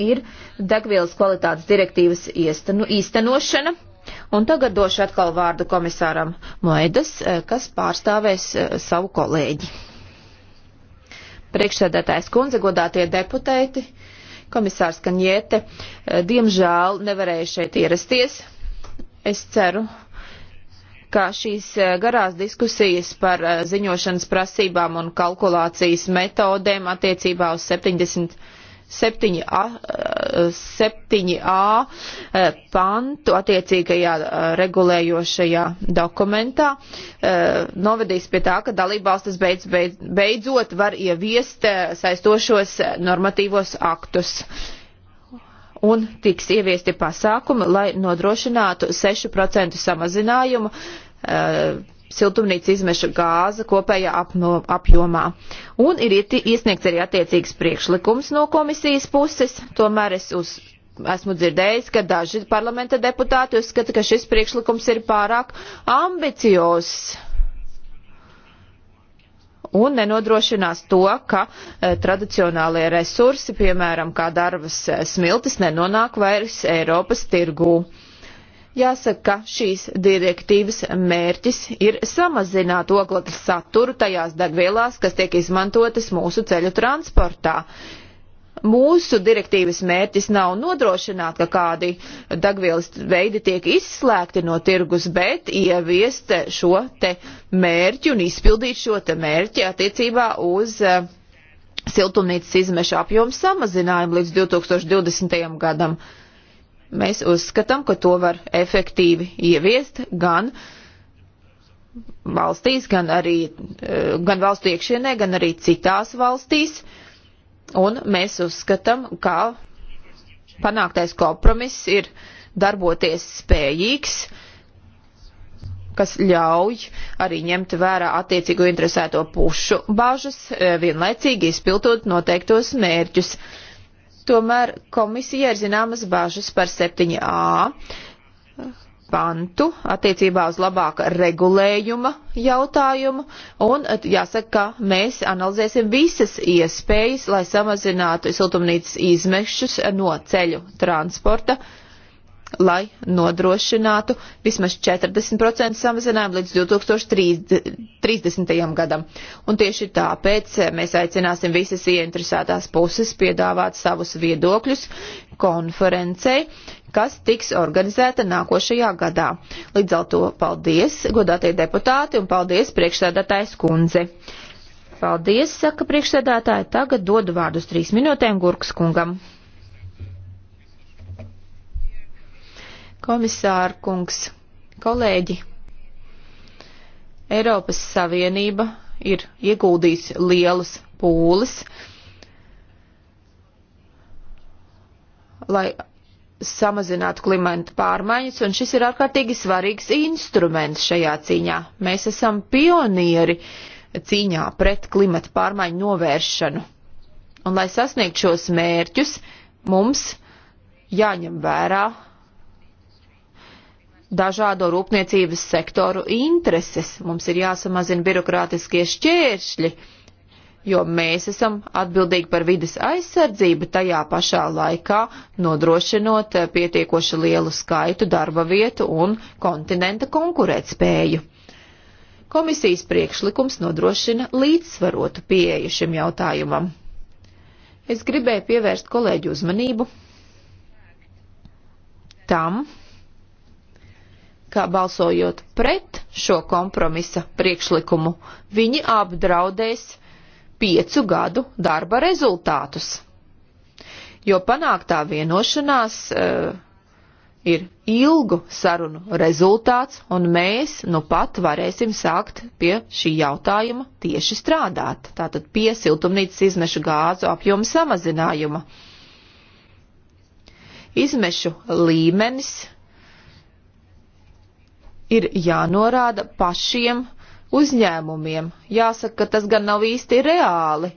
ir degvielas kvalitātes direktīvas iestanu, īstenošana. Un tagad došu atkal vārdu komisāram Moedas, eh, kas pārstāvēs eh, savu kolēģi. Priekšsēdētājs kundze, godātie deputēti, komisārs Kanjete, eh, diemžēl nevarēja šeit ierasties. Es ceru, ka šīs garās diskusijas par ziņošanas prasībām un kalkulācijas metodēm attiecībā uz 70. 7a, 7a eh, eh, pantu attiecīgajā eh, regulējošajā dokumentā novedīs pie tā, ka dalībvalstis beidz, beidz, beidzot var ieviest saistošos normatīvos aktus un tiks ieviesti pasākumi, lai nodrošinātu 6% samazinājumu siltumnīca izmeša gāza kopējā apno, apjomā. Un ir iesniegts arī attiecīgs priekšlikums no komisijas puses, tomēr es uz, esmu dzirdējis, ka daži parlamenta deputāti uzskata, ka šis priekšlikums ir pārāk ambiciozs un nenodrošinās to, ka e, tradicionālie resursi, piemēram, kā darbas eh, smiltis, nenonāk vairs Eiropas tirgū. Jāsaka, ka šīs direktīvas mērķis ir samazināt oglekļa saturu tajās degvielās, kas tiek izmantotas mūsu ceļu transportā. Mūsu direktīvas mērķis nav nodrošināt, ka kādi degvielas veidi tiek izslēgti no tirgus, bet ieviest šo te mērķi un izpildīt šo te mērķi attiecībā uz eh, siltumnīcas izmešu apjomu samazinājumu līdz 2020. gadam. Mēs uzskatām, ka to var efektīvi ieviest gan valstīs, gan arī e, gan valstu iekšienē, gan arī citās valstīs. Un mēs uzskatām, ka panāktais kompromiss ir darboties spējīgs, kas ļauj arī ņemt vērā attiecīgo interesēto pušu bažas, e, vienlaicīgi izpildot noteiktos mērķus. Uh, Tomēr komisija ir zināmas bažas par 7a pantu attiecībā uz labāka regulējuma jautājumu, un jāsaka, ka mēs analizēsim visas iespējas, lai samazinātu siltumnīcas izmešus no ceļu transporta. Uh, lai nodrošinātu vismaz 40% samazinājumu līdz 2030. gadam. Un tieši tāpēc eh, mēs aicināsim visas ieinteresētās puses piedāvāt savus viedokļus konferencei, kas tiks organizēta nākošajā gadā. Līdz ar to paldies, godātie deputāti, un paldies priekšsēdētājs kundze. Paldies, saka priekšsēdētāji, tagad dodu vārdus trīs minūtēm Gurks kungam. Komisāra kungs, kolēģi, Eiropas Savienība ir ieguldījis lielas pūles, lai samazinātu klimatu pārmaiņas, un šis ir ārkārtīgi svarīgs instruments šajā cīņā. Mēs esam pionieri cīņā pret klimatu pārmaiņu novēršanu. Un, lai sasniegtu šos mērķus, mums jāņem vērā dažādo rūpniecības sektoru intereses. Mums ir jāsamazina birokrātiskie šķēršļi, jo mēs esam atbildīgi par vidas aizsardzību tajā pašā laikā, nodrošinot pietiekoši lielu skaitu darba vietu un kontinenta konkurētspēju. Komisijas priekšlikums nodrošina līdzsvarotu pieeju šim jautājumam. Es gribēju pievērst kolēģu uzmanību tam, ka balsojot pret šo kompromisa priekšlikumu, viņi apdraudēs piecu gadu darba rezultātus. Jo panāktā vienošanās uh, ir ilgu sarunu rezultāts, un mēs nu pat varēsim sākt pie šī jautājuma tieši strādāt. Tātad pie siltumnīcas izmešu gāzu apjoma samazinājuma. Izmešu līmenis ir jānorāda pašiem uzņēmumiem. Jāsaka, ka tas gan nav īsti reāli,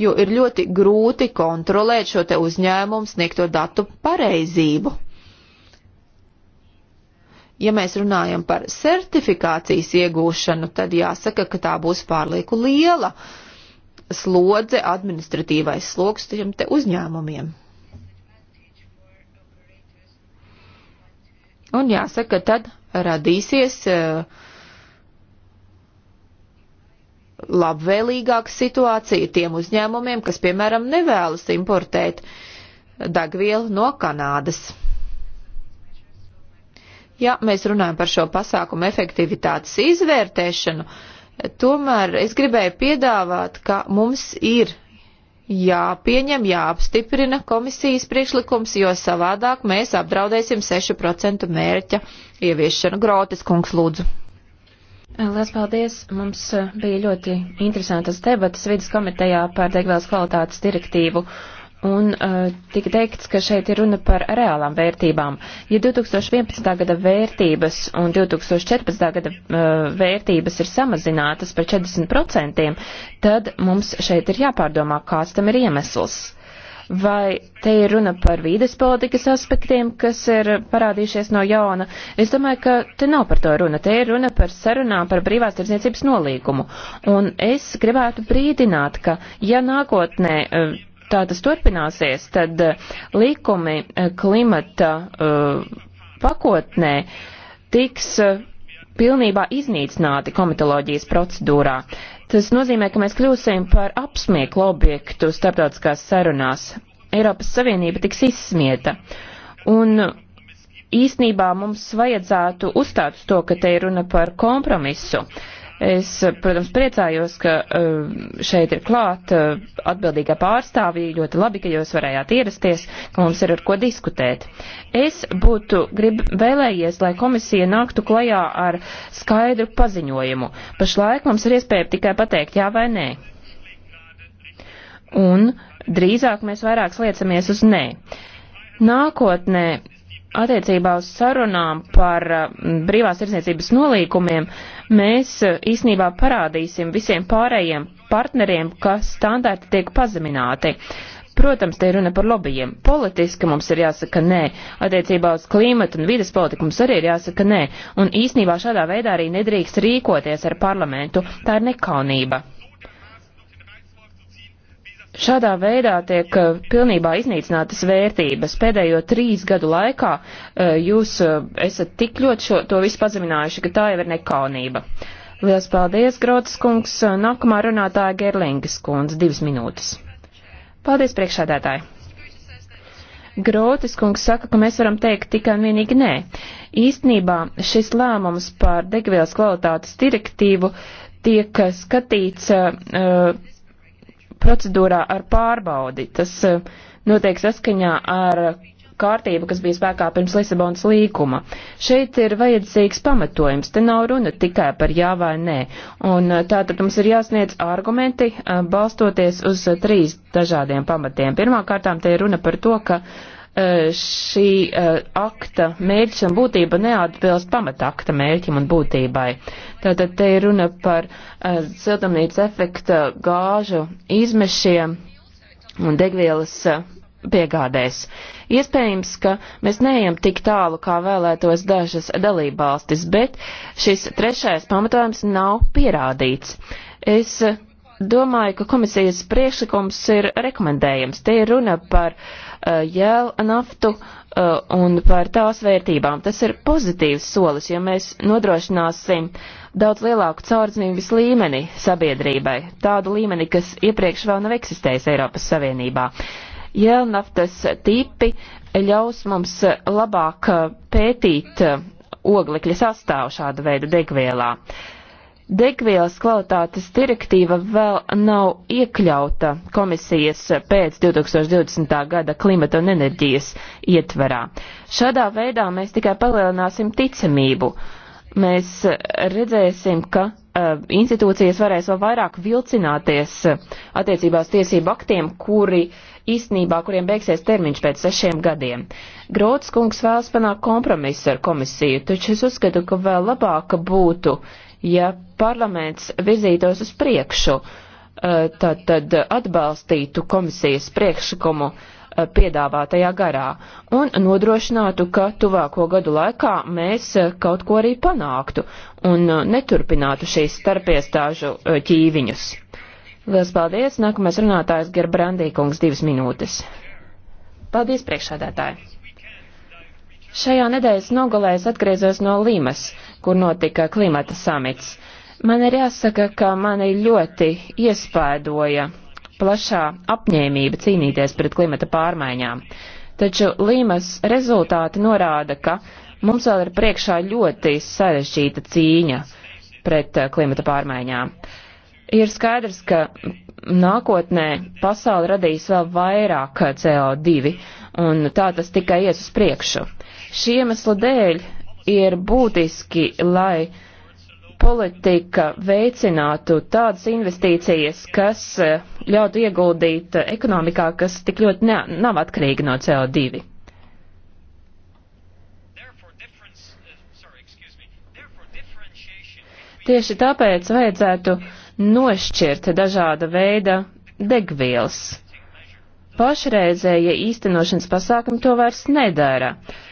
jo ir ļoti grūti kontrolēt šo te uzņēmumu sniegto datu pareizību. Ja mēs runājam par certifikācijas iegūšanu, tad jāsaka, ka tā būs pārlieku liela slodze, administratīvais sloks tiem te uzņēmumiem. Un jāsaka, tad radīsies e, labvēlīgāka situācija tiem uzņēmumiem, kas, piemēram, nevēlas importēt dagvielu no Kanādas. Ja mēs runājam par šo pasākumu efektivitātes izvērtēšanu, tomēr es gribēju piedāvāt, ka mums ir jāpieņem, jāapstiprina komisijas priekšlikums, jo savādāk mēs apdraudēsim 6% mērķa ieviešanu. Grotis kungs lūdzu. Lielas paldies! Mums uh, bija ļoti interesantas debatas vidas komitejā par degvielas kvalitātes direktīvu. Uh, Un uh, tika teikts, ka šeit ir runa par reālām vērtībām. Ja 2011. gada vērtības un 2014. gada uh, vērtības ir samazinātas par 40%, tad mums šeit ir jāpārdomā, kāds tam ir iemesls. Vai te ir runa par vīdes politikas aspektiem, kas ir parādījušies no jauna? Es domāju, ka te nav par to runa. Te ir runa par sarunām par brīvās tirdzniecības nolīgumu. Un es gribētu brīdināt, ka ja nākotnē. Uh, tā tas turpināsies, tad eh, likumi eh, klimata eh, pakotnē tiks pilnībā iznīcināti komitoloģijas procedūrā. Tas nozīmē, ka mēs kļūsim par apsmieklu objektu starptautiskās sarunās. Eiropas Savienība tiks izsmieta. Un īsnībā mums vajadzētu uzstāt uz to, ka te ir runa par kompromisu. Uh, Es, protams, priecājos, ka eh, šeit ir klāt eh, atbildīgā pārstāvī. Ļoti labi, ka jūs varējāt ierasties, ka mums ir ar ko diskutēt. Es būtu grib vēlējies, lai komisija nāktu klajā ar skaidru paziņojumu. Pašlaik mums ir iespēja tikai pateikt jā vai nē. Un drīzāk mēs vairāk sliecamies uz nē. Nākotnē attiecībā uz sarunām par eh, brīvās tirsniecības nolīkumiem mēs eh, īsnībā parādīsim visiem pārējiem partneriem, ka standarti tiek pazemināti. Protams, te ir runa par lobbyiem. Politiski mums ir jāsaka nē. Attiecībā uz klimatu un vides politiku mums arī ir jāsaka nē. Un īsnībā šādā veidā arī nedrīkst rīkoties ar parlamentu. Tā ir nekaunība. Šādā veidā tiek eh, pilnībā iznīcinātas vērtības. Pēdējo trīs gadu laikā eh, jūs eh, esat tik ļoti šo, to visu pazeminājuši, ka tā jau ir nekaunība. Lielas paldies, Grotas kungs. Nākamā runātāja Gerlingas kundze, divas minūtes. Paldies, priekšādētāji. Grotas kungs saka, ka mēs varam teikt tikai un vienīgi nē. Īstenībā šis lēmums par degvielas kvalitātes direktīvu tiek skatīts uh, procedūrā ar pārbaudi. Tas eh, notiek saskaņā ar kārtību, kas bija spēkā pirms Lisabonas līkuma. Šeit ir vajadzīgs pamatojums, te nav runa tikai par jā vai nē. Un eh, tātad mums ir jāsniedz argumenti, eh, balstoties uz trīs dažādiem pamatiem. Pirmkārtām te ir runa par to, ka uh, Eh, šī eh, akta mērķis un būtība neatbilst pamatakta mērķim un būtībai. Tātad te ir runa par eh, siltumnīca efekta gāžu izmešiem un degvielas piegādēs. Iespējams, ka mēs neejam tik tālu, kā vēlētos dažas dalībvalstis, bet šis trešais pamatojums nav pierādīts. Es domāju, ka komisijas priekšlikums ir rekomendējams. Te ir runa par uh, eh, jēlu naftu uh, un par tās vērtībām. Tas ir pozitīvs solis, jo mēs nodrošināsim daudz lielāku caurdzības līmeni sabiedrībai, tādu līmeni, kas iepriekš vēl nav eksistējis Eiropas Savienībā. Jēlnaftas tipi ļaus mums labāk eh, pētīt oglekļa sastāvu šāda veida degvielā. Uh, Degvielas kvalitātes direktīva vēl nav iekļauta komisijas pēc 2020. gada klimata un enerģijas ietverā. Šādā veidā mēs tikai palielināsim ticamību. Mēs redzēsim, ka uh, institūcijas varēs vēl vairāk vilcināties e, attiecībās tiesību aktiem, kuri īstenībā, kuriem beigsies termiņš pēc sešiem gadiem. Grots kungs vēlas panākt kompromisu ar komisiju, taču es uzskatu, ka vēl labāka būtu uh, ja parlaments virzītos uz priekšu, eh, tad, tad atbalstītu komisijas priekšlikumu eh, piedāvātajā garā un nodrošinātu, ka tuvāko gadu laikā mēs eh, kaut ko arī panāktu un neturpinātu šīs starpiestāžu ķīviņus. Lielas paldies! Nākamais runātājs Gerbrandī kungs divas minūtes. Paldies priekšādātāji! Šajā nedēļas nogalē es atgriezos no Līmas kur notika klimata samits. Man ir jāsaka, ka mani ļoti iespaidoja plašā apņēmība cīnīties pret klimata pārmaiņām. Taču Līmas rezultāti norāda, ka mums vēl ir priekšā ļoti sarežģīta cīņa pret eh, klimata pārmaiņām. Ir skaidrs, ka nākotnē pasauli radīs vēl vairāk eh, CO2, un tā tas tikai ies uz priekšu. Šī iemesla dēļ ir būtiski, lai politika veicinātu tādas investīcijas, kas eh, ļautu ieguldīt ekonomikā, kas tik ļoti ne, nav atkarīga no CO2. Uh, Tieši tāpēc vajadzētu nošķirt dažāda veida degvielas. Pašreizējie īstenošanas pasākumi to vairs nedara. Uh,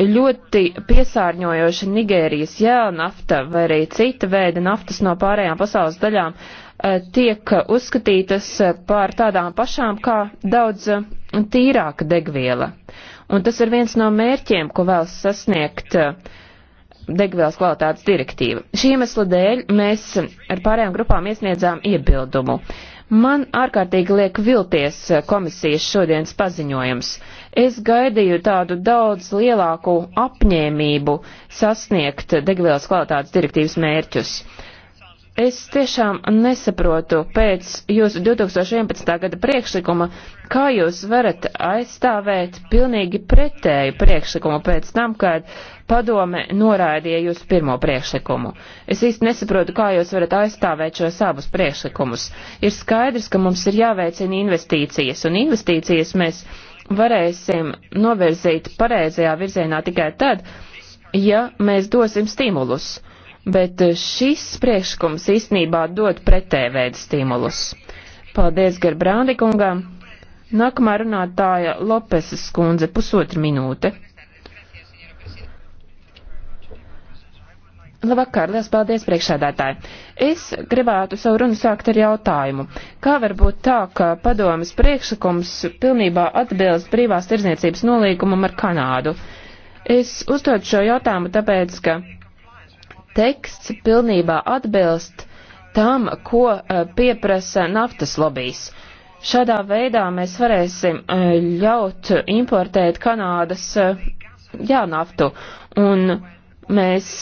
ļoti piesārņojoša Nigērijas jēlnafta vai arī cita veida naftas no pārējām pasaules daļām eh, tiek uzskatītas eh, par tādām pašām kā daudz eh, tīrāka degviela. Un tas ir viens no mērķiem, ko vēlas sasniegt degvielas kvalitātes direktīva. Šī iemesla dēļ mēs ar pārējām grupām iesniedzām iebildumu. Man ārkārtīgi liek vilties komisijas šodienas paziņojums. Uh, Es gaidīju tādu daudz lielāku apņēmību sasniegt degvielas kvalitātes direktīvas mērķus. Es tiešām nesaprotu pēc jūsu 2011. gada priekšlikuma, kā jūs varat aizstāvēt pilnīgi pretēju priekšlikumu pēc tam, kad padome noraidīja jūsu pirmo priekšlikumu. Es īsti nesaprotu, kā jūs varat aizstāvēt šos abus priekšlikumus. Ir skaidrs, ka mums ir jāveicina investīcijas, un investīcijas mēs varēsim novirzīt pareizajā virzienā tikai tad, ja mēs dosim stimulus. Bet šis priekšlikums īstenībā dod pretēvēdu stimulus. Paldies Gerbrāndikungam. Nākamā runātāja Lopeses skundze pusotru minūte. Labvakar, liels paldies priekšsēdētāji. Es gribētu savu runu sākt ar jautājumu. Kā var būt tā, ka padomas priekšlikums pilnībā atbilst brīvās tirzniecības nolīgumam ar Kanādu? Es uzdodu šo jautājumu tāpēc, ka teksts pilnībā atbilst tam, ko e, pieprasa naftas lobijas. Šādā veidā mēs varēsim e, ļaut importēt Kanādas e, jaunaftu, un mēs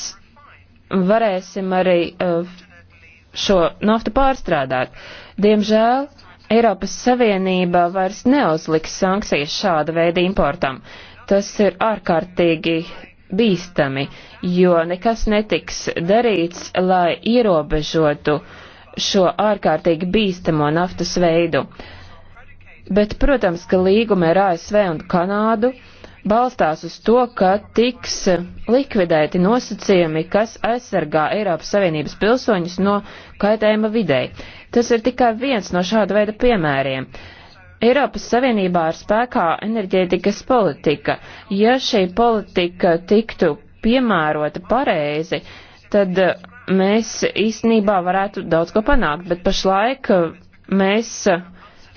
varēsim arī eh, šo naftu pārstrādāt. Diemžēl Eiropas Savienība vairs neuzliks sankcijas šāda veida importam. Tas ir ārkārtīgi bīstami, jo nekas netiks darīts, lai ierobežotu šo ārkārtīgi bīstamo naftas veidu. Bet, protams, ka līguma ar ASV un Kanādu uh, balstās uz to, ka tiks likvidēti nosacījumi, kas aizsargā Eiropas Savienības pilsoņus no kaitējuma videi. Tas ir tikai viens no šāda veida piemēriem. Eiropas Savienībā ir spēkā enerģētikas politika. Ja šī politika tiktu piemērota pareizi, tad mēs īstenībā varētu daudz ko panākt, bet pašlaik mēs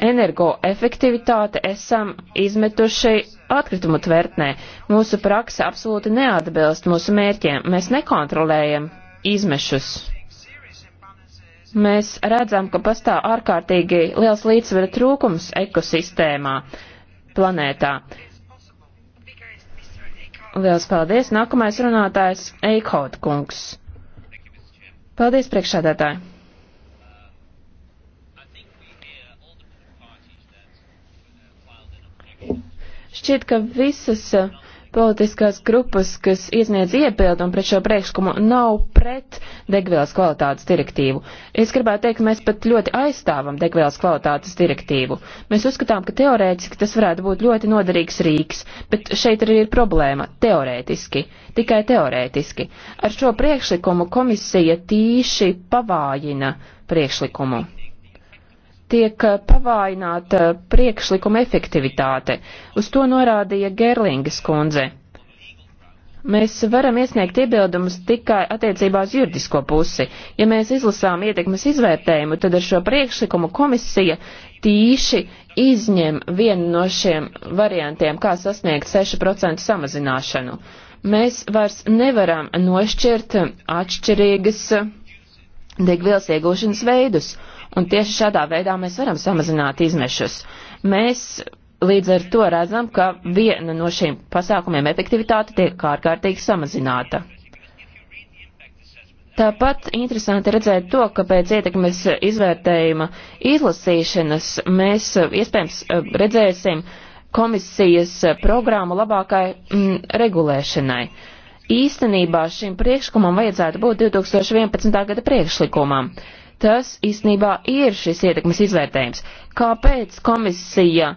energoefektivitāti esam izmetuši atkritumu tvertnē. Mūsu praksa absolūti neatbilst mūsu mērķiem. Mēs nekontrolējam izmešus. Mēs redzam, ka pastāv ārkārtīgi liels līdzsvera trūkums ekosistēmā, planētā. Liels paldies. Nākamais runātājs Eikhaut kungs. Paldies, priekšsēdētāji. Šķiet, ka visas uh, politiskās grupas, kas iesniedz iebildumu pret šo priekšlikumu, nav pret degvielas kvalitātes direktīvu. Es gribētu teikt, ka mēs pat ļoti aizstāvam degvielas kvalitātes direktīvu. Mēs uzskatām, ka teorētiski tas varētu būt ļoti noderīgs rīks, bet šeit arī ir problēma - teorētiski, tikai teorētiski. Ar šo priekšlikumu komisija tīši pavājina priekšlikumu tiek eh, pavājināta eh, priekšlikuma efektivitāte. Uz to norādīja Gerlingas kundze. Mēs varam iesniegt iebildumus tikai attiecībā uz juridisko pusi. Ja mēs izlasām ietekmes izvērtējumu, tad ar šo priekšlikumu komisija tīši izņem vienu no šiem variantiem, kā sasniegt 6% samazināšanu. Mēs vairs nevaram nošķirt atšķirīgas degvielas iegūšanas veidus Un tieši šādā veidā mēs varam samazināt izmešus. Mēs līdz ar to redzam, ka viena no šīm pasākumiem efektivitāte tiek ārkārtīgi samazināta. Tāpat interesanti redzēt to, ka pēc ietekmes izvērtējuma izlasīšanas mēs eh, iespējams eh, redzēsim komisijas eh, programmu labākai m, mm, regulēšanai. Īstenībā šim priekšlikumam vajadzētu būt 2011. gada priekšlikumam tas īstenībā ir šis ietekmes izvērtējums. Kāpēc komisija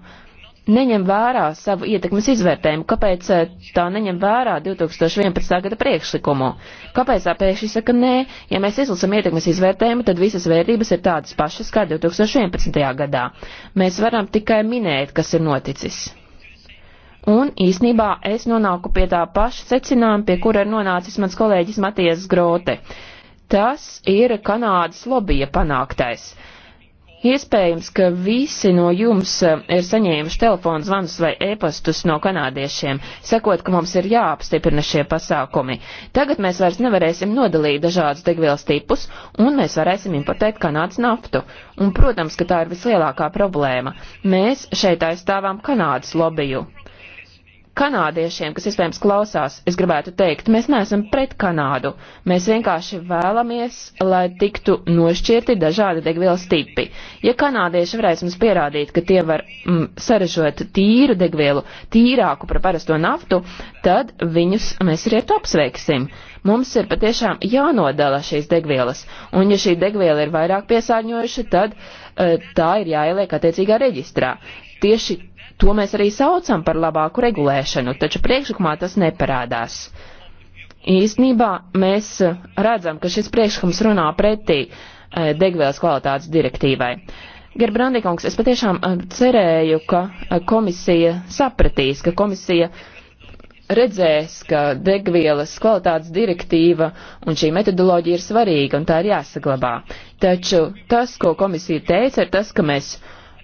neņem vērā savu ietekmes izvērtējumu? Kāpēc eh, tā neņem vērā 2011. gada priekšlikumu? Kāpēc tā pēkšņi saka nē? Ja mēs izlasam ietekmes izvērtējumu, tad visas vērtības ir tādas pašas kā 2011. gadā. Mēs varam tikai minēt, kas ir noticis. Un īsnībā es nonāku pie tā paša secinājuma, pie kura ir nonācis mans kolēģis Matijas Grote. Uh, Tas ir Kanādas lobija panāktais. Iespējams, ka visi no jums eh, ir saņēmuši telefonu zvanus vai ēpastus no kanādiešiem, sakot, ka mums ir jāapstiprina šie pasākumi. Tagad mēs vairs nevarēsim nodalīt dažādus degvielas tipus, un mēs varēsim importēt Kanādas naftu. Un, protams, ka tā ir vislielākā problēma. Mēs šeit aizstāvām Kanādas lobiju kanādiešiem, kas iespējams klausās, es gribētu teikt, mēs neesam pret Kanādu. Mēs vienkārši vēlamies, lai tiktu nošķirti dažādi degvielas tipi. Ja kanādieši varēs mums pierādīt, ka tie var mm, saražot tīru degvielu, tīrāku par parasto naftu, tad viņus mēs arī ar to apsveiksim. Mums ir patiešām jānodala šīs degvielas, un ja šī degviela ir vairāk piesārņojuša, tad uh, tā ir jāieliek attiecīgā reģistrā. Tieši To mēs arī saucam par labāku regulēšanu, taču priekšlikumā tas neparādās. Īstenībā mēs redzam, ka šis priekšlikums runā pretī e, degvielas kvalitātes direktīvai. Gerbrandīkungs, es patiešām e, cerēju, ka e, komisija sapratīs, ka komisija redzēs, ka degvielas kvalitātes direktīva un šī metodoloģija ir svarīga un tā ir jāsaglabā. Taču tas, ko komisija teica, ir tas, ka mēs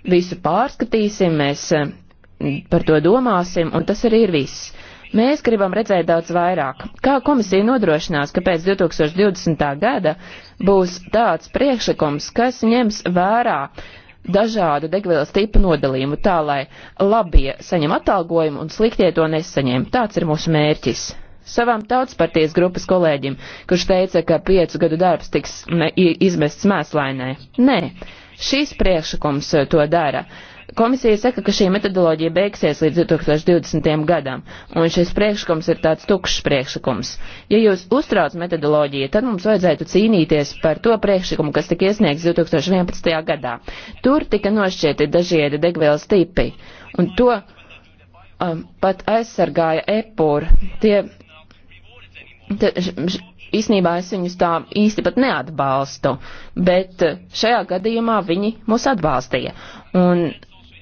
visu pārskatīsim, mēs par to domāsim, un tas arī ir viss. Mēs gribam redzēt daudz vairāk. Kā komisija nodrošinās, ka pēc 2020. gada būs tāds priekšlikums, kas ņems vērā dažādu degvielas tipu nodalījumu tā, lai labie saņem atalgojumu un sliktie to nesaņem. Tāds ir mūsu mērķis. Savam tautspartijas grupas kolēģim, kurš teica, ka piecu gadu darbs tiks izmests mēslainē. Nē, šīs priekšlikums to dara. Komisija saka, ka šī metodoloģija beigsies līdz 2020. gadam, un šis priekšlikums ir tāds tukšs priekšlikums. Ja jūs uztrauc metodoloģiju, tad mums vajadzētu cīnīties par to priekšlikumu, kas tika iesniegts 2011. gadā. Tur tika nošķieti dažādi degvielas tipi, un to um, pat aizsargāja epūra. Tie, te, š, īsnībā es viņus tā īsti pat neatbalstu, bet uh, šajā gadījumā viņi mūs atbalstīja. Un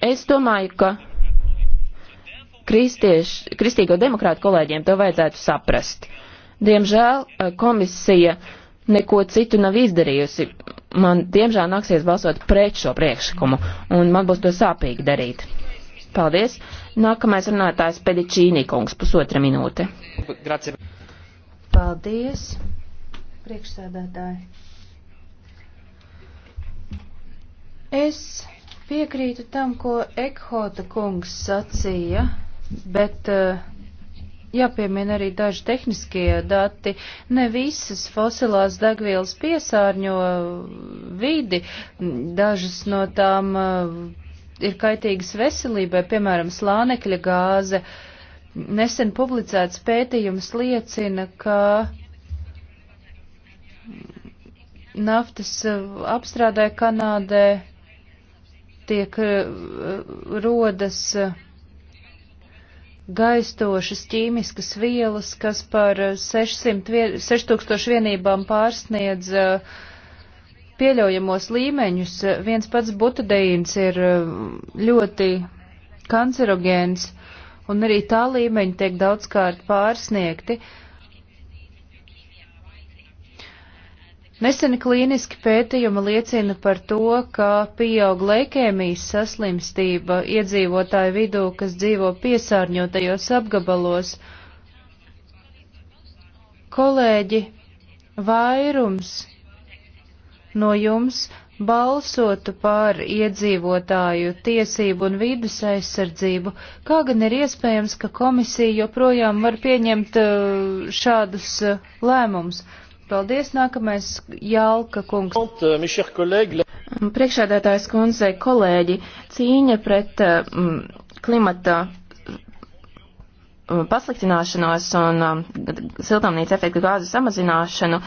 Es domāju, ka kristiešu, kristīgo demokrātu kolēģiem to vajadzētu saprast. Diemžēl eh, komisija neko citu nav izdarījusi. Man diemžēl nāksies balsot pret šo priekšlikumu, un man būs to sāpīgi darīt. Paldies. Nākamais runātājs Pedičīnī kungs, pusotra minūte. Paldies, priekšsēdētāji. Es Piekrītu tam, ko Ekhota kungs sacīja, bet uh, jāpiemina arī daži tehniskie dati. Ne visas fosilās degvielas piesārņo vidi, dažas no tām uh, ir kaitīgas veselībai, piemēram, slānekļa gāze. Nesen publicēts pētījums liecina, ka naftas eh, apstrādē Kanādē tiek eh, rodas eh, gaistošas ķīmiskas vielas, kas par 600, eh, 6000 vienībām pārsniedz pieļaujamos līmeņus. Viens pats butadeīns ir ļoti kancerogēns, un arī tā līmeņi tiek daudzkārt pārsniegti. Uh, Neseni klīniski pētījumi liecina par to, ka pieaug leikēmijas saslimstība iedzīvotāju vidū, kas dzīvo piesārņotajos apgabalos. Kolēģi, vairums no jums balsotu par iedzīvotāju tiesību un vidas aizsardzību, kā gan ir iespējams, ka komisija joprojām var pieņemt eh, šādus eh, lēmumus. Paldies, nākamais Jālka kungs. Priekšādātājs kundze, kolēģi, cīņa pret mm, klimata Um, pasliktināšanos un um, siltumnīca efekta gāzu samazināšanu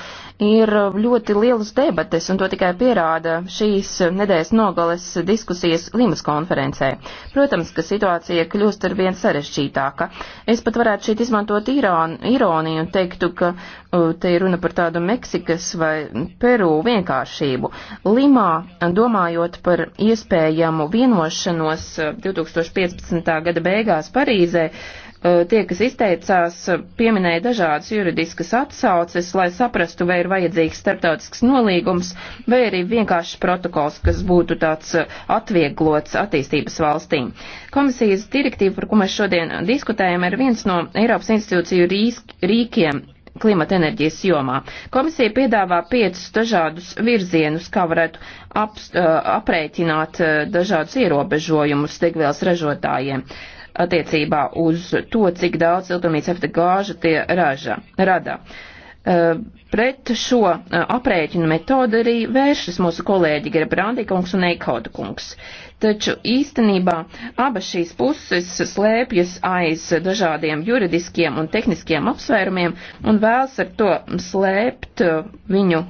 ir um, ļoti lielas debates, un to tikai pierāda šīs nedēļas nogales diskusijas Limas konferencē. Protams, ka situācija kļūst ar vien sarežģītāka. Es pat varētu šeit izmantot ironiju un teiktu, ka uh, te ir runa par tādu Meksikas vai Peru vienkāršību. Limā, domājot par iespējamu vienošanos uh, 2015. gada beigās Parīzē, Uh, tie, kas izteicās, pieminēja dažādas juridiskas atsauces, lai saprastu, vai ir vajadzīgs starptautisks nolīgums, vai arī vienkāršs protokols, kas būtu tāds uh, atvieglots attīstības valstīm. Komisijas direktīva, par ko mēs šodien diskutējam, ir viens no Eiropas institūciju rīsk, rīkiem klimata enerģijas jomā. Komisija piedāvā piecus dažādus virzienus, kā varētu ap, uh, aprēķināt dažādus ierobežojumus degvielas ražotājiem. Uh, attiecībā uz to, cik daudz siltumnīca efekta gāža tie raža, rada. Uh, pret šo uh, aprēķinu metodu arī vēršas mūsu kolēģi Gerbrandi kungs un Eikauda kungs. Taču īstenībā abas šīs puses slēpjas aiz dažādiem juridiskiem un tehniskiem apsvērumiem un vēlas ar to slēpt uh, viņu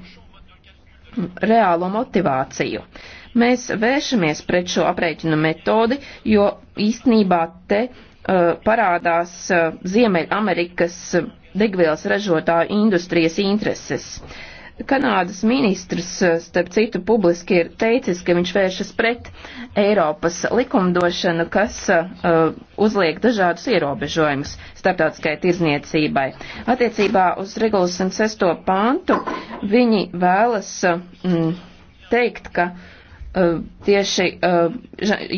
reālo motivāciju. Uh, Mēs vēršamies pret šo aprēķinu metodi, jo īstenībā te uh, parādās uh, Ziemeļamerikas degvielas ražotāju industrijas intereses. Kanādas ministrs, uh, starp citu, publiski ir teicis, ka viņš vēršas pret Eiropas likumdošanu, kas uh, uzliek dažādus ierobežojumus starptautiskai tirzniecībai. Attiecībā uz regulas 106. pāntu viņi vēlas uh, mm, teikt, ka uh, Eh, tieši eh,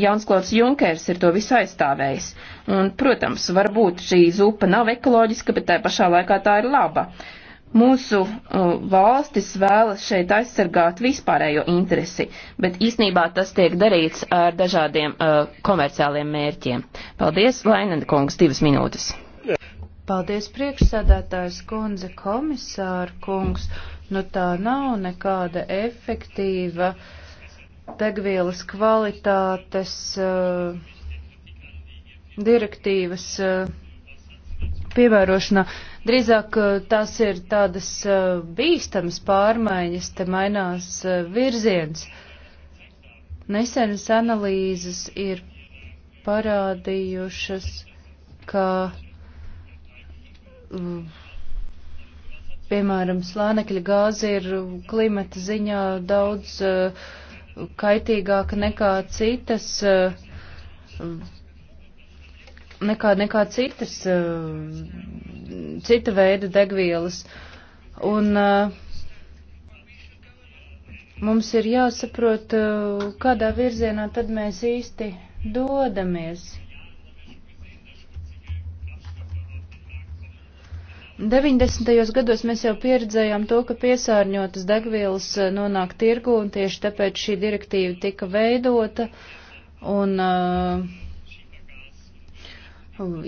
Jānis Junkers ir to visu aizstāvējis. Un, protams, varbūt šī zupa nav ekoloģiska, bet tā pašā laikā tā ir laba. Mūsu uh, valstis vēlas šeit aizsargāt vispārējo interesi, bet īsnībā tas tiek darīts ar dažādiem uh, komerciāliem mērķiem. Paldies, Lainanda kungs, divas minūtes. Paldies, priekšsēdētājs kundze, komisāra kungs. Nu tā nav nekāda efektīva uh, degvielas kvalitātes uh, direktīvas uh, piemērošanā. Drīzāk uh, tās ir tādas bīstamas pārmaiņas, te mainās virziens. Nesenas analīzes ir parādījušas, ka, piemēram, slānekļa gāze ir klimata ziņā daudz uh, kaitīgāka nekā citas, eh, nekā, nekā citas, eh, cita veida degvielas. Un eh, mums ir jāsaprot, kādā virzienā tad mēs īsti dodamies. 90. gados mēs jau pieredzējām to, ka piesārņotas degvielas eh, nonāk tirgu, un tieši tāpēc šī direktīva tika veidota, un eh,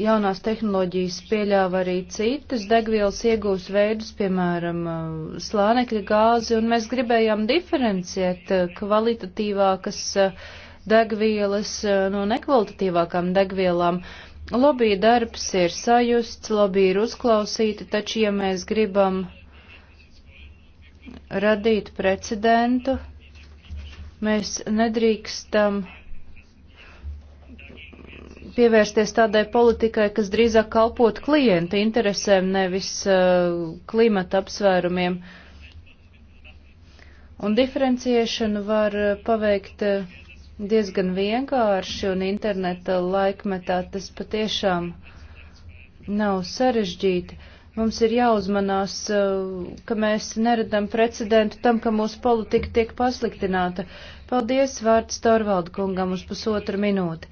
jaunās tehnoloģijas pieļāva arī citas degvielas iegūs veidus, piemēram, eh, slānekļa gāzi, un mēs gribējām diferenciēt kvalitatīvākas degvielas no nekvalitatīvākām degvielām. Lobby darbs ir sajusts, lobby ir uzklausīti, taču, ja mēs gribam radīt precedentu, mēs nedrīkstam pievērsties tādai politikai, kas drīzāk kalpot klienta interesēm, nevis uh, klimata apsvērumiem. Un diferenciēšanu var uh, paveikt. Uh, diezgan vienkārši, un interneta laikmetā tas patiešām nav sarežģīti. Mums ir jāuzmanās, eh, ka mēs neredam precedentu tam, ka mūsu politika tiek pasliktināta. Paldies vārds Torvaldu kungam uz pusotru minūti.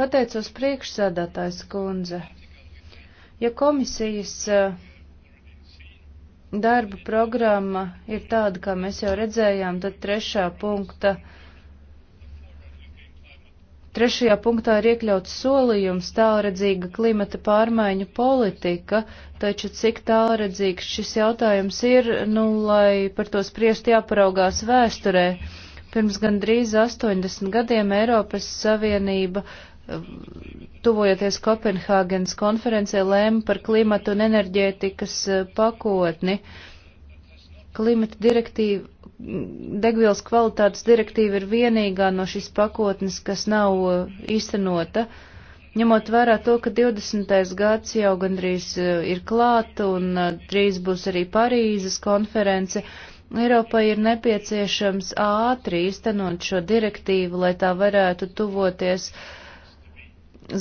Pateicos priekšsēdētājs kundze. Ja komisijas eh, darba programma ir tāda, kā mēs jau redzējām, tad trešā punkta uh, Trešajā punktā ir iekļauts solījums tālredzīga klimata pārmaiņu politika, taču cik tālredzīgs šis jautājums ir, nu, lai par to spriest jāparaugās vēsturē. Pirms gandrīz 80 gadiem Eiropas Savienība, tuvojoties Kopenhāgenes konferencē, lēma par klimatu un enerģētikas pakotni. Klimata direktīva degvielas kvalitātes direktīva ir vienīgā no šīs pakotnes, kas nav uh, īstenota. Ņemot vērā to, ka 20. gads jau gandrīz uh, ir klāt un uh, drīz būs arī Parīzes konference, Eiropai ir nepieciešams ātri īstenot šo direktīvu, lai tā varētu tuvoties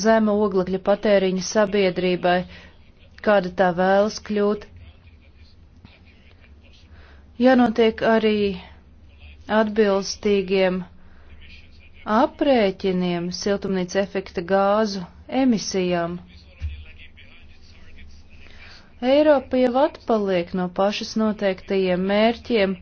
zema oglekļa patēriņa sabiedrībai, kāda tā vēlas kļūt jānotiek arī atbilstīgiem aprēķiniem siltumnīca efekta gāzu emisijām. Eiropa jau atpaliek no pašas noteiktajiem mērķiem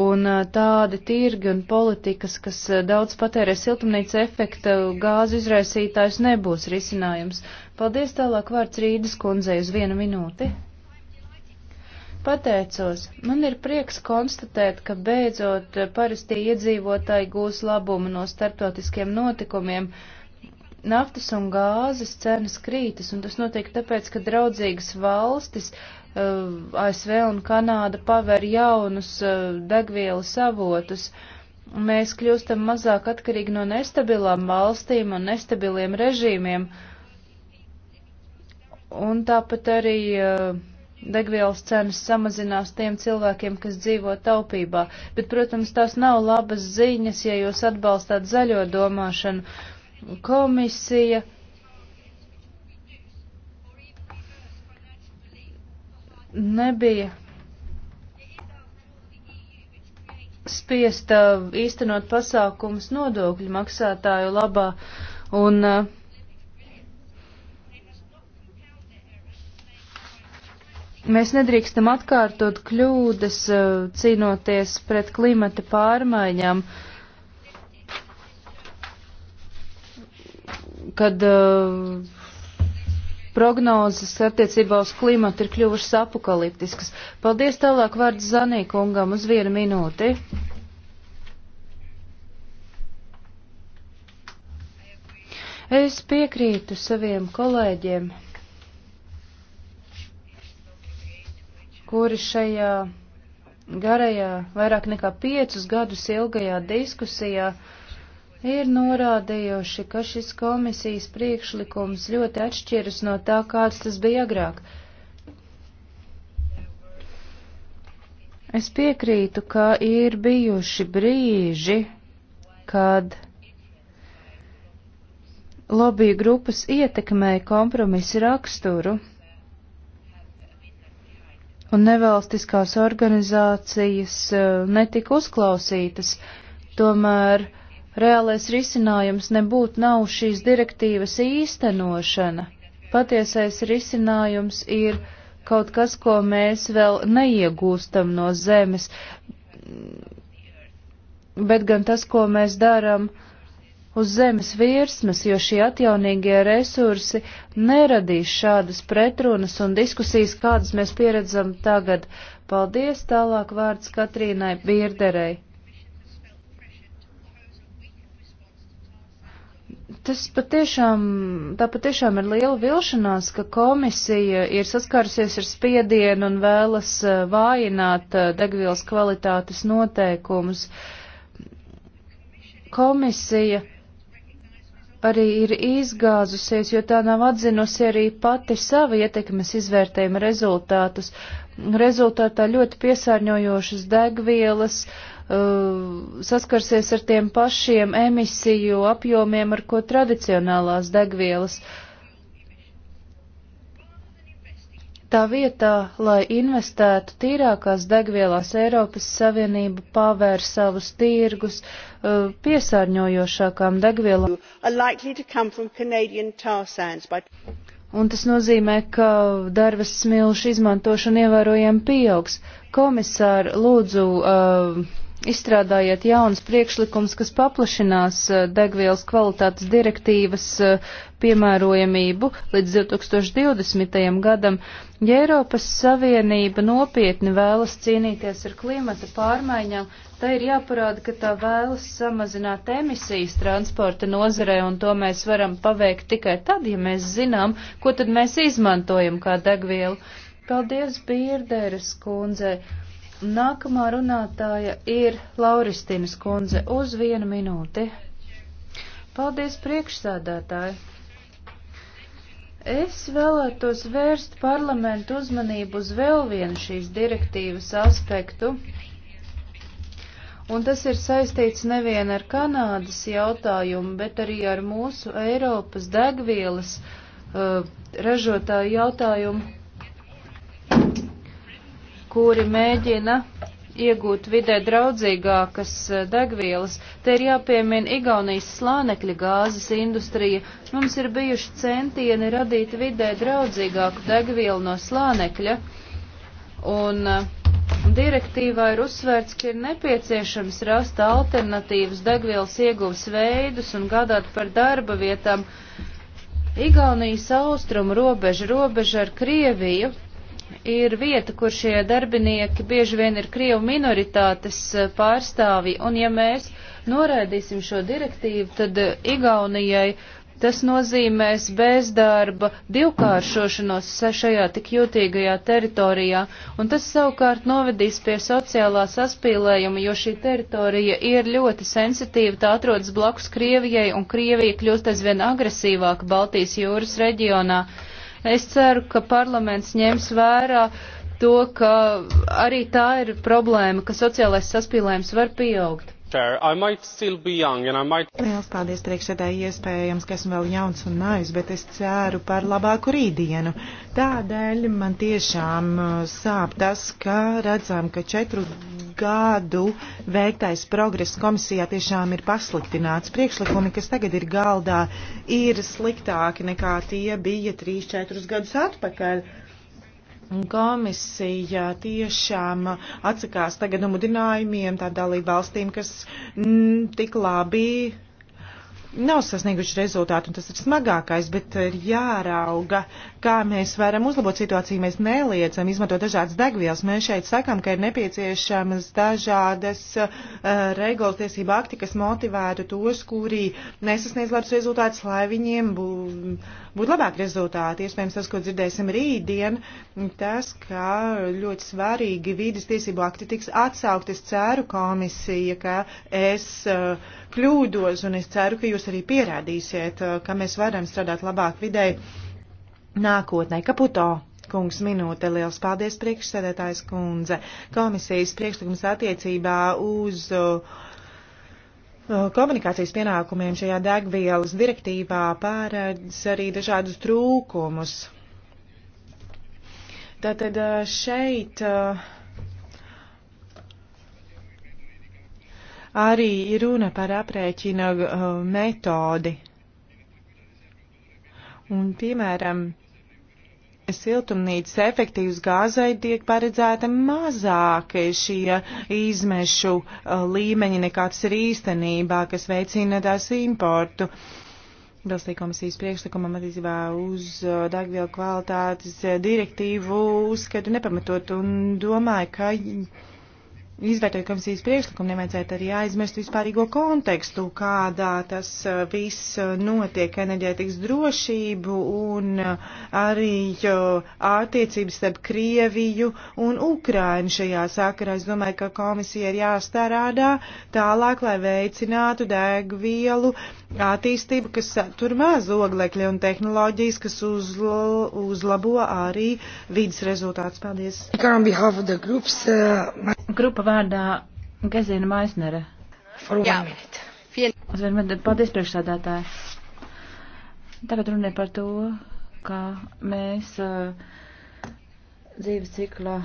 Un tādi tirgi un politikas, kas daudz patērē siltumnīca efekta gāzu izraisītājs, nebūs risinājums. Paldies tālāk vārds Rīdas kundzei uz vienu minūti. Pateicos, man ir prieks konstatēt, ka beidzot parastie iedzīvotāji gūs labumu no startotiskiem notikumiem. Naftas un gāzes cenas krītas, un tas notiek tāpēc, ka draudzīgas valstis uh, Eh, ASV un Kanāda paver jaunus eh, degvielas avotus. Mēs kļūstam mazāk atkarīgi no nestabilām valstīm un nestabiliem režīmiem. Un tāpat arī uh, degvielas cenas samazinās tiem cilvēkiem, kas dzīvo taupībā, bet, protams, tās nav labas ziņas, ja jūs atbalstāt zaļo domāšanu. Komisija nebija spiest uh, īstenot pasākums nodokļu maksātāju labā un uh, Mēs nedrīkstam atkārtot kļūdas, uh, cīnoties pret klimata pārmaiņām, kad uh, prognozes attiecībā uz klimatu ir kļuvušas apakaliptiskas. Paldies tālāk vārds Zanīkungam uz vienu minūti. Es piekrītu saviem kolēģiem, kuri šajā garajā, vairāk nekā piecus gadus ilgajā diskusijā uh, ir norādījuši, ka šis komisijas priekšlikums ļoti atšķiras no tā, kāds tas bija agrāk. Es piekrītu, ka ir bijuši brīži, kad lobby grupas ietekmēja kompromisu raksturu, un nevalstiskās organizācijas eh, netika uzklausītas, tomēr uh, reālais risinājums nebūtu nav šīs direktīvas īstenošana. Patiesais risinājums ir kaut kas, ko mēs vēl neiegūstam no zemes, bet gan tas, ko mēs darām uz zemes virsmas, jo šie atjaunīgie resursi neradīs šādas pretrunas un diskusijas, kādas mēs pieredzam tagad. Paldies, tālāk vārds Katrīnai Bierderei. Tas patiešām, tā patiešām ir liela vilšanās, ka komisija ir saskārusies ar spiedienu un vēlas eh, vājināt eh, degvielas kvalitātes noteikumus. Komisija arī ir izgāzusies, jo tā nav atzinusi arī pati sava ietekmes izvērtējuma rezultātus. Rezultātā ļoti piesārņojošas degvielas uh, Uh, saskarsies ar tiem pašiem emisiju apjomiem, ar ko tradicionālās degvielas. Tā vietā, lai investētu tīrākās degvielās, Eiropas Savienība pavēr savus tirgus uh, piesārņojošākām degvielām. Un tas nozīmē, ka darbas smilšu izmantošana ievērojami pieaugs. Komisāri, lūdzu, uh, izstrādājiet jaunas priekšlikums, kas paplašinās eh, degvielas kvalitātes direktīvas eh, piemērojamību līdz 2020. gadam, ja Eiropas Savienība nopietni vēlas cīnīties ar klimata pārmaiņām, tai ir jāparāda, ka tā vēlas samazināt emisijas transporta nozarē, un to mēs varam paveikt tikai tad, ja mēs zinām, ko tad mēs izmantojam kā degvielu. Paldies, Birdēras kundzei! Nākamā runātāja ir Lauristinas kundze uz vienu minūti. Paldies priekšsādātāji! Es vēlētos vērst parlamentu uzmanību uz vēl vienu šīs direktīvas aspektu, un tas ir saistīts nevien ar Kanādas jautājumu, bet arī ar mūsu Eiropas degvielas uh, ražotāju jautājumu kuri mēģina iegūt vidē draudzīgākas eh, degvielas. Te ir jāpiemina Igaunijas slānekļa gāzes industrija. Mums ir bijuši centieni radīt vidē draudzīgāku degvielu no slānekļa. Un eh, direktīvā ir uzsvērts, ka ir nepieciešams rast alternatīvas degvielas ieguvas veidus un gādāt par darba vietām. Igaunijas austrumu robeža, robeža ar Krieviju ir vieta, kur šie darbinieki bieži vien ir Krievu minoritātes eh, pārstāvi, un ja mēs noraidīsim šo direktīvu, tad eh, Igaunijai tas nozīmēs bezdarba divkāršošanos šajā tik jūtīgajā teritorijā, un tas savukārt novedīs pie sociālā saspīlējuma, jo šī teritorija ir ļoti sensitīva, tā atrodas blakus Krievijai, un Krievija kļūst aizvien agresīvāka Baltijas jūras reģionā. Es ceru, ka parlaments ņems vērā to, ka arī tā ir problēma, ka sociālais saspīlējums var pieaugt. Might... Liels paldies priekšsēdēji, iespējams, ka esmu vēl jauns un naivs, bet es ceru par labāku rītdienu. Tādēļ man tiešām uh, sāp tas, ka redzam, ka četru gadu veiktais progress komisijā tiešām ir pasliktināts. Priekšlikumi, kas tagad ir galdā, ir sliktāki nekā tie bija 3-4 gadus atpakaļ. Komisija tiešām atsakās tagad no mudinājumiem tā dalību valstīm, kas m, mm, tik labi nav sasnieguši rezultātu, un tas ir smagākais, bet ir jārauga kā mēs varam uzlabot situāciju. Mēs neliedzam izmantot dažādas degvielas. Mēs šeit sakam, ka ir nepieciešamas dažādas uh, regulas tiesība akti, kas motivētu tos, kuri nesasniedz labs rezultāts, lai viņiem bū, būtu labāk rezultāti. Iespējams, tas, ko dzirdēsim rītdien, tas, ka ļoti svarīgi vīdes tiesību akti tiks atsaukt. Es ceru komisija, ka es uh, kļūdos un es ceru, ka jūs arī pierādīsiet, uh, ka mēs varam strādāt labāk videi. Uh, nākotnē. Kaputo. Kungs minūte, liels paldies priekšsēdētājs kundze. Komisijas priekšlikums attiecībā uz uh, uh komunikācijas pienākumiem šajā degvielas direktīvā pārēdz arī dažādus trūkumus. Tātad uh, šeit uh, arī ir runa par aprēķina metodi. Un, piemēram, siltumnīcas efektīvs gāzai tiek paredzēta mazākie šie izmešu uh, līmeņi nekā tas ir īstenībā, kas veicina tās importu. Balstī komisijas priekšlikumam attiecībā uz uh, dagvielu kvalitātes uh, direktīvu uzskatu nepamatot un domāju, ka izvērtējot komisijas priekšlikumu, nevajadzētu arī aizmirst vispārīgo kontekstu, kādā tas eh, viss eh, notiek, enerģētikas drošību un eh, arī attiecības starp Krieviju un Ukrainu šajā sakarā. Es domāju, ka komisija ir jāstarādā tālāk, lai veicinātu degvielu attīstību, kas tur maz oglekļa un tehnoloģijas, kas uzla, uzlabo arī vidas rezultātus. Paldies! Uh, Grupa vārdā Gezina Maisnere. Jā, vienmēr paldies priekšsādātāji. Tagad runē par to, ka mēs uh, dzīves cikla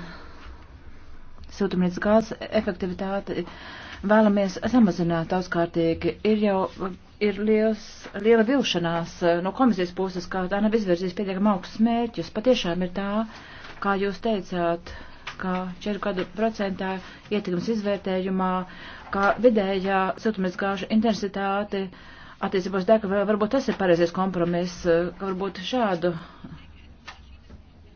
siltumnīcas gāzes efektivitāti vēlamies samazināt daudzkārtīgi. Ir jau ir liels, liela vilšanās uh, no komisijas puses, ka tā nav izvirzījis pietiekam augstus mērķus. Patiešām ir tā, kā jūs teicāt, kā 4% ietekmes izvērtējumā, kā vidējā siltumizgāžu intensitāte attiecībos dega, varbūt tas ir pareizais kompromiss, ka varbūt šādu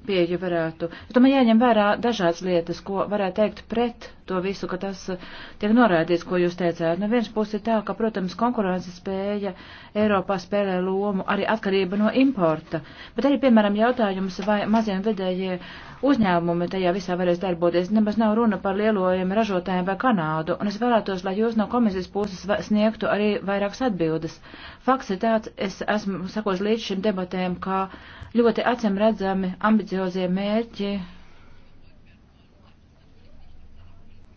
pieeju varētu. Es domāju, jāņem vērā dažādas lietas, ko varētu teikt pret to visu, ka tas eh, tiek norādīts, ko jūs teicāt. No nu, vienas puses ir tā, ka, protams, konkurences spēja Eiropā spēlē lomu arī atkarība no importa, bet arī, piemēram, jautājums, vai maziem vidējie uzņēmumi tajā visā varēs darboties. Nemaz nav runa par lielojiem ražotājiem vai Kanādu, un es vēlētos, lai jūs no komisijas puses sniegtu arī vairākas atbildes. Fakts ir tāds, es esmu sakos līdz šim debatēm, ka ļoti acim redzami ambiciozie mērķi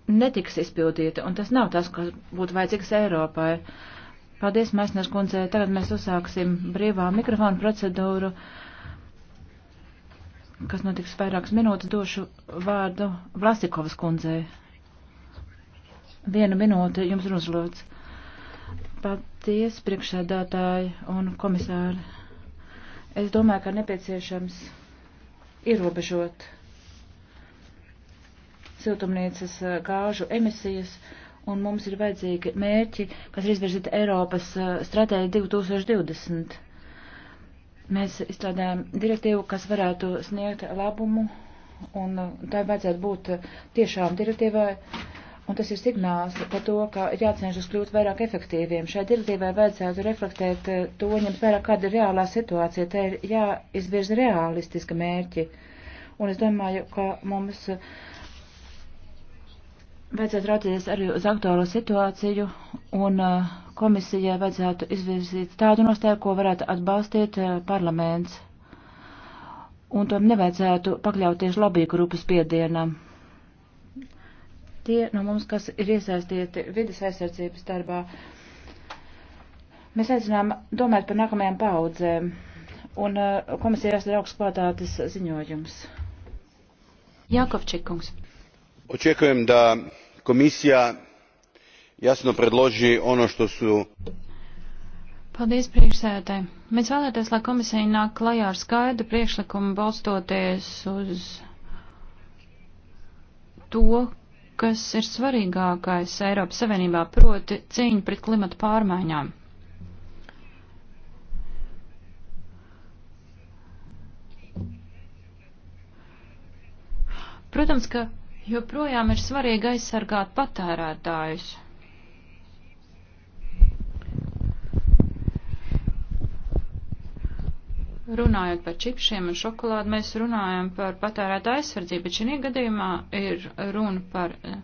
netiks izpildīta, un tas nav tas, kas būtu vajadzīgs Eiropai. Paldies, Mēsnes kundze. Tagad mēs uzsāksim brīvā mikrofonu procedūru, kas notiks vairākas minūtes. Došu vārdu Vlasikovas kundzei. Viena minūte jums ir uzlūdz. Paldies, priekšsēdētāji un komisāri. Es domāju, ka nepieciešams ierobežot siltumnīcas eh, gāžu emisijas, un mums ir vajadzīgi mērķi, kas ir izvirzīti Eiropas eh, stratēģija 2020. Mēs izstrādājam direktīvu, kas varētu sniegt labumu, un eh, tā vajadzētu būt tiešām direktīvai. Un tas ir signāls par to, ka ir jācenšas kļūt vairāk efektīviem. Šai direktīvai vajadzētu reflektēt to, ņemt vērā, kāda ir reālā situācija. Te ir jāizvirza realistiska mērķi. Un es domāju, ka mums vajadzētu raucīties arī uz aktuālo situāciju, un uh, komisijai vajadzētu izvirzīt tādu nostāju, ko varētu atbalstīt uh, parlaments. Un tam nevajadzētu pakļauties lobby grupas piedienam. Tie no mums, kas ir iesaistīti vidas aizsardzības darbā, mēs aicinām domāt par nākamajām paudzēm, un uh, komisijai jāsadara augstskvalitātes ziņojums. Jakovčikungs. Očekujem da komisija jasno predloži ono što su. Paldies, priekšsēdētāji. Mēs vēlētos, lai komisija nāk klajā ar skaidru priekšlikumu balstoties uz to, kas ir svarīgākais Eiropas Savienībā, proti cīņa pret klimatu pārmaiņām. Protams, ka joprojām ir svarīgi aizsargāt patērētājus. Runājot par čipšiem un šokolādu, mēs runājam par patērētā aizsardzību, bet šī gadījumā ir runa par eh,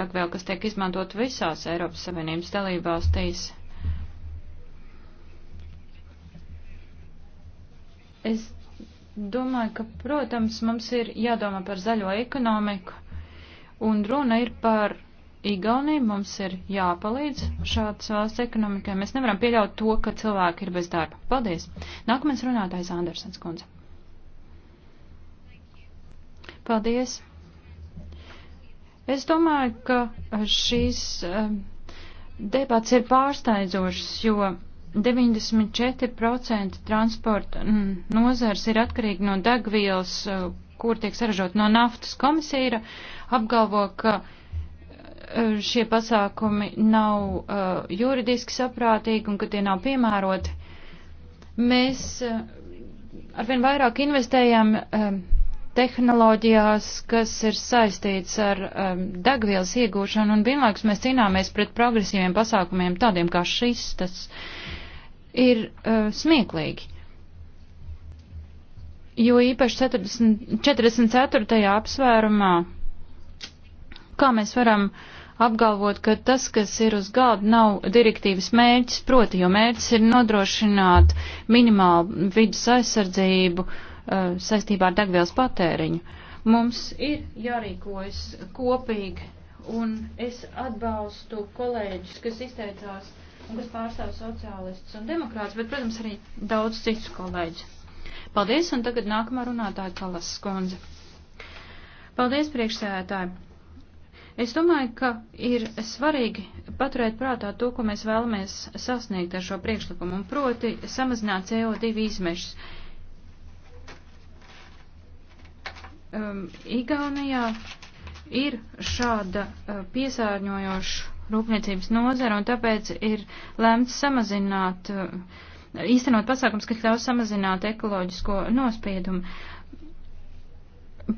dagvēlu, kas tiek izmantot visās Eiropas Savienības dalībās tīs. Es domāju, ka, protams, mums ir jādomā par zaļo ekonomiku, un runa ir par Igauniju, mums ir jāpalīdz šāds valsts ekonomikai. Mēs nevaram pieļaut to, ka cilvēki ir bez darba. Paldies. Nākamais runātājs Andersens kundze. Paldies. Es domāju, ka šīs eh, debats ir pārsteidzošas, jo 94% transporta mm, nozars ir atkarīgi no degvielas, eh, kur tiek saražot no naftas. Komisija eh, apgalvo, ka eh, šie pasākumi nav uh, juridiski saprātīgi un ka tie nav piemēroti. Mēs uh, arvien vairāk investējam uh, tehnoloģijās, kas ir saistīts ar um, degvielas iegūšanu, un vienlaikus mēs cīnāmies pret progresīviem pasākumiem, tādiem kā šis, tas uh, ir uh, smieklīgi. Jo īpaši 40, 44. apsvērumā, kā mēs varam apgalvot, ka tas, kas ir uz galda, nav direktīvas mērķis, proti, jo mērķis ir nodrošināt minimālu vidus aizsardzību uh, saistībā ar degvielas patēriņu. Mums ir jārīkojas kopīgi, un es atbalstu kolēģus, kas izteicās uh, un kas pārstāv sociālistus un demokrātus, bet, protams, arī daudz citus kolēģus. Paldies, un tagad nākamā runātāja Kalas skundze. Paldies, priekšsēdētāji! Es domāju, ka ir svarīgi paturēt prātā to, ko mēs vēlamies sasniegt ar šo priekšlikumu, un proti samazināt CO2 izmešus. Um, Igaunijā ir šāda uh, piesārņojoša rūpniecības nozara, un tāpēc ir lēmts samazināt, eh, īstenot pasākums, kas ļaus samazināt ekoloģisko nospiedumu.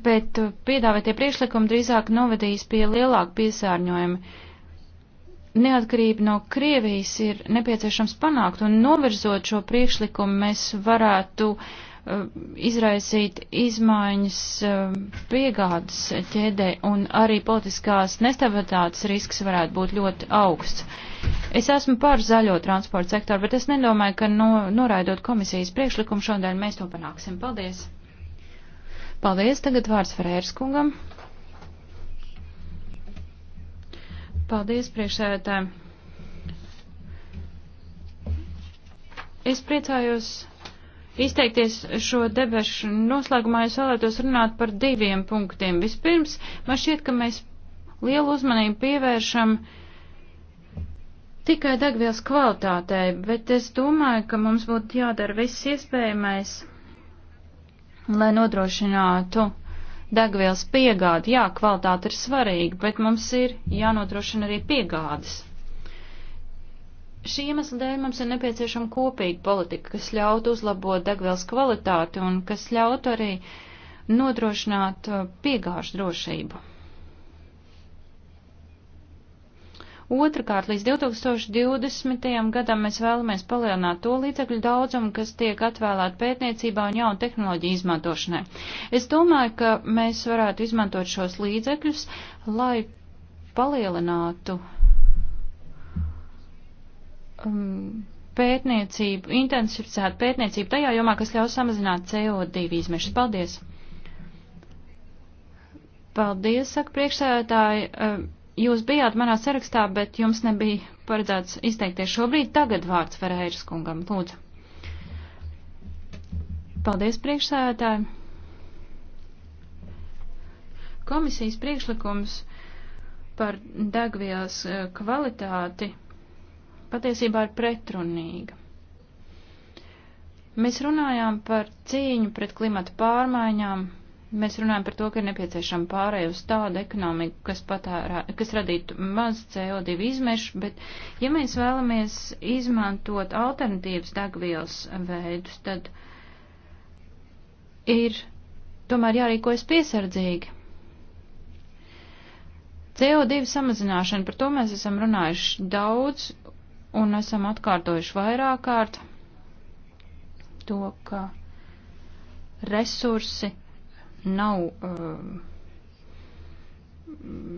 Bet piedāvātie priekšlikumi drīzāk novedīs pie lielāka piesārņojuma. Neatkarība no Krievijas ir nepieciešams panākt, un novirzot šo priekšlikumu mēs varētu uh, Eh, izraisīt izmaiņas eh, piegādes ķēdē un arī politiskās nestabilitātes risks varētu būt ļoti augsts. Es esmu par zaļo transporta sektoru, bet es nedomāju, ka no, noraidot komisijas priekšlikumu šodien mēs to panāksim. Paldies! Paldies! Tagad vārds Ferērs kungam. Paldies, priekšsēdētāji! Es priecājos izteikties šo debašu noslēgumā, es vēlētos runāt par diviem punktiem. Vispirms, man šķiet, ka mēs lielu uzmanību pievēršam tikai degvielas kvalitātei, bet es domāju, ka mums būtu jādara viss iespējamais, lai nodrošinātu degvielas piegādi. Jā, kvalitāte ir svarīga, bet mums ir jānodrošina arī piegādes. Šī iemesla dēļ mums ir nepieciešama kopīga politika, kas ļautu uzlabot degvielas kvalitāti un kas ļautu arī nodrošināt uh, piegāžu drošību. Otrakārt, līdz 2020. gadam mēs vēlamies palielināt to līdzekļu daudzumu, kas tiek atvēlēt pētniecībā un jaunu tehnoloģiju izmantošanai. Es domāju, ka mēs varētu izmantot šos līdzekļus, lai palielinātu um, pētniecību, intensificētu pētniecību tajā jomā, kas ļaus samazināt CO2 izmešas. Paldies! Paldies, saka priekšsēdētāji. Um, jūs bijāt manā sarakstā, bet jums nebija paredzēts izteikties šobrīd. Tagad vārds Ferēras kungam. Lūdzu. Paldies, priekšsēdētāji. Komisijas priekšlikums par degvielas uh, kvalitāti patiesībā ir pretrunīga. Mēs runājām par cīņu pret klimatu pārmaiņām, mēs runājām par to, ka ir nepieciešama pārēja uz tādu ekonomiku, kas, patērā, kas radītu maz CO2 izmešu, bet ja mēs vēlamies izmantot alternatīvas degvielas veidus, tad ir tomēr jārīkojas piesardzīgi. CO2 samazināšana, par to mēs esam runājuši daudz, un esam atkārtojuši vairāk kārt to, ka resursi nav uh,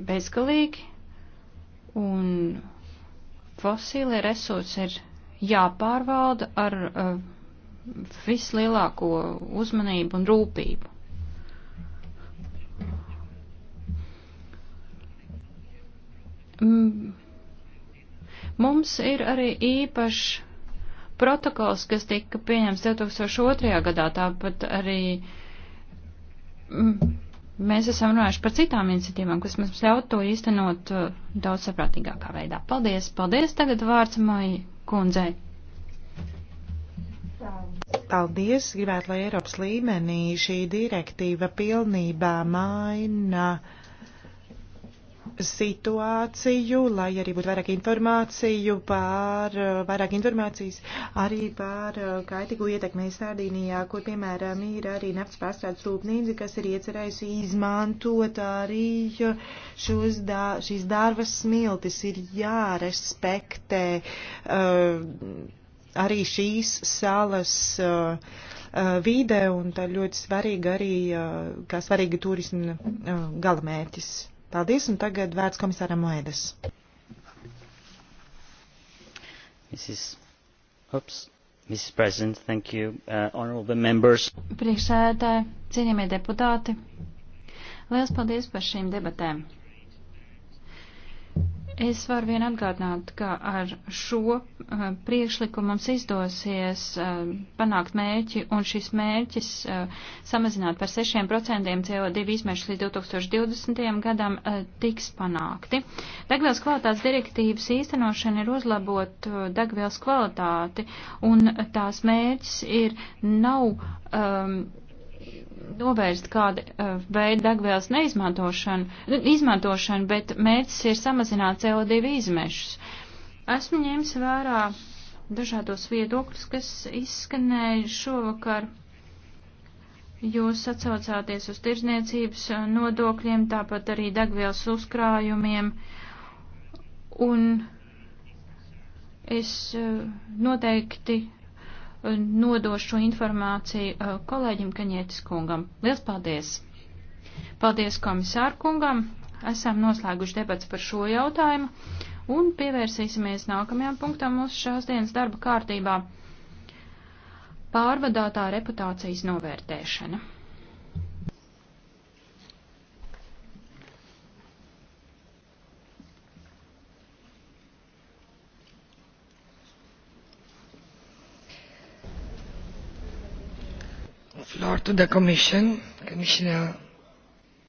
bezgalīgi un fosīlie resursi ir jāpārvalda ar uh, vislielāko uzmanību un rūpību. Mm Mums ir arī īpašs protokols, kas tika pieņemts 2002. gadā, tāpat arī mm, mēs esam runājuši par citām iniciatīvām, kas mums ļaut to īstenot uh, daudz saprātīgākā veidā. Paldies, paldies tagad vārds Mai kundzei. Paldies, gribētu, lai Eiropas līmenī šī direktīva pilnībā maina situāciju, lai arī būtu vairāk informāciju pār, eh, vairāk informācijas arī pār eh, kaitīgu ietekmi Sardīnijā, kur, piemēram, ir arī naftas pārstrādes rūpnīca, kas ir iecerējusi izmantot arī eh, šos dā, šīs dārvas smiltis, ir jārespektē uh, arī šīs salas. Uh, vide, un tā ļoti svarīga arī, kā svarīga turisma galamērķis. Paldies, un tagad vērts komisāram Lēdes. Mrs. Ups. Mrs. President, thank you, uh, honorable members. Priekšsēdētāji, cienījamie deputāti, liels paldies par šīm debatēm. Es varu vien atgādināt, ka ar šo uh, priekšlikumu mums izdosies uh, panākt mērķi, un šis mērķis uh, samazināt par 6% CO2 izmešus līdz 2020. gadam tiks panākti. Degvielas kvalitātes direktīvas īstenošana ir uzlabot degvielas kvalitāti, un tās mērķis ir nav. Um, novērst kādu uh, eh, veidu degvielas neizmantošanu, nu, izmantošanu, bet mērķis ir samazināt CO2 izmešus. Esmu ņēmis vērā dažādos viedokļus, kas izskanēja šovakar. Jūs atcaucāties uz tirzniecības eh, nodokļiem, tāpat arī degvielas uzkrājumiem. Un es eh, noteikti nodošu šo informāciju uh, kolēģim Kaņietis kungam. Liels paldies! Paldies komisāru kungam! Esam noslēguši debats par šo jautājumu un pievērsīsimies nākamajām punktām mūsu šās dienas darba kārtībā. Pārvadātā reputācijas novērtēšana. floor to the commission commissioner